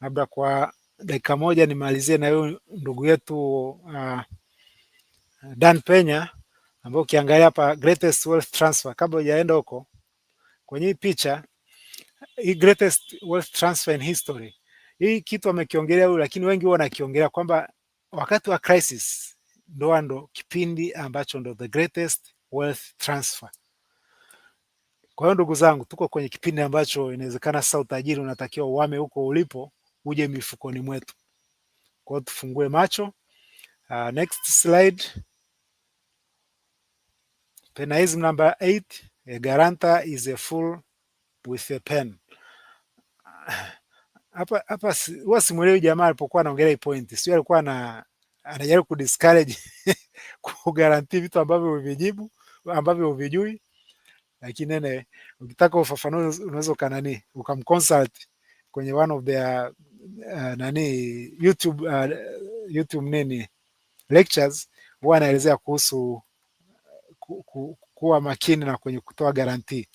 labda kwa dakika moja nimalizie na huyu ndugu yetu uh, Dan Penya ambao ukiangalia hapa greatest wealth transfer, kabla hujaenda huko kwenye hii picha hii greatest wealth transfer in history, hii kitu amekiongelea huyu, lakini wengi huwa wanakiongelea kwamba wakati wa crisis ndoa ndo kipindi ambacho ndo the greatest wealth transfer. Kwa hiyo ndugu zangu, tuko kwenye kipindi ambacho inawezekana sasa utajiri unatakiwa uame huko ulipo uje mifukoni mwetu. Kwa hiyo tufungue macho. Uh, next slide. Penism number 8, a guarantor is a fool with a pen. Ah, hapa hapa huwa simuelewi jamaa alipokuwa anaongelea hii point. Sio alikuwa na anajaribu kudiscourage kugaranti vitu ambavyo uvijibu ambavyo uvijui, lakini nene, ukitaka ufafanue unaweza ukanani ukamconsult kwenye one of their Eh, nani YouTube, uh, YouTube nini lectures huwa anaelezea kuhusu eh, ku, ku, kuwa makini na kwenye kutoa garanti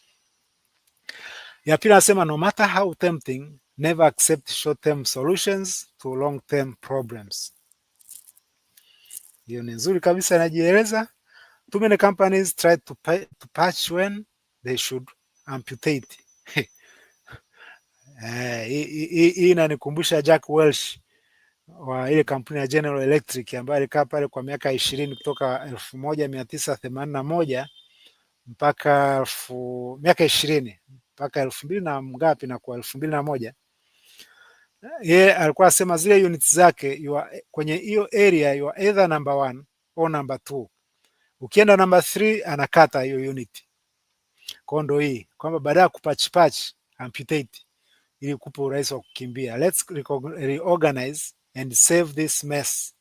Ya pili anasema no matter how tempting never accept short term solutions to long term problems. Hiyo ni nzuri kabisa, inajieleza. Too many companies try to, to patch when they should amputate Eh, hii eh, inanikumbusha Jack Welch wa ile kampuni ya General Electric ambayo alikaa pale kwa miaka ishirini kutoka elfu moja mia tisa themanini na moja mpaka elfu miaka ishirini mpaka elfu mbili na ngapi na kwa elfu mbili na moja ye alikuwa asema zile units zake you are, kwenye hiyo area you are either number one au number two. Ukienda number three anakata hiyo unit. Kwa ndo hii kwamba baada ya kupachpach amputate urahisi wa kukimbia. Let's reorganize and save this mess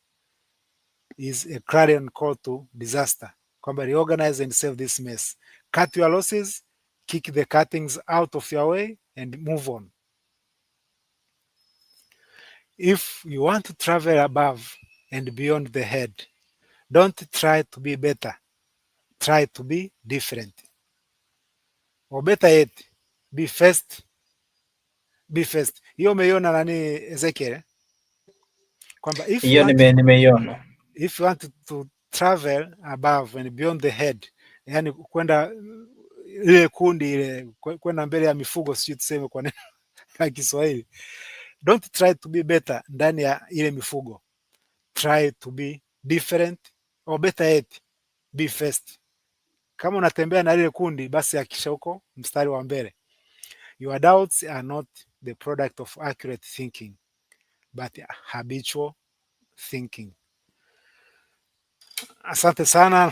is a clarion call to disaster, kwamba reorganize and save this mess, cut your losses, kick the cuttings out of your way and move on. If you want to travel above and beyond the head, don't try to be better, try to be different. Or better yet, be first be first. Hiyo umeiona nani Ezekiel? Kwamba if hiyo nimeiona. If you want to travel above and beyond the head, yani kwenda uh, ile kundi ile kwenda mbele ya mifugo, sio tuseme kwa neno la Kiswahili. Don't try to be better ndani ya ile mifugo. Try to be different or better yet be first. Kama unatembea na ile kundi, basi hakisha uko mstari wa mbele. Your doubts are not the product of accurate thinking, but habitual thinking. Asante sana.